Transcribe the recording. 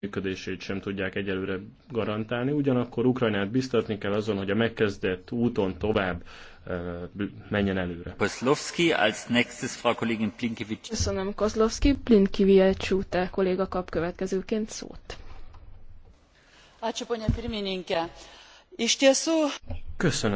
működését sem tudják egyelőre garantálni. Ugyanakkor Ukrajnát biztatni kell azon, hogy a megkezdett úton tovább menjen előre. Kozlovski, als nächstes Frau Kollegin Plinkiewicz. Köszönöm, Kozlovski. Plinkiewicz úte kolléga kap következőként szót. Köszönöm,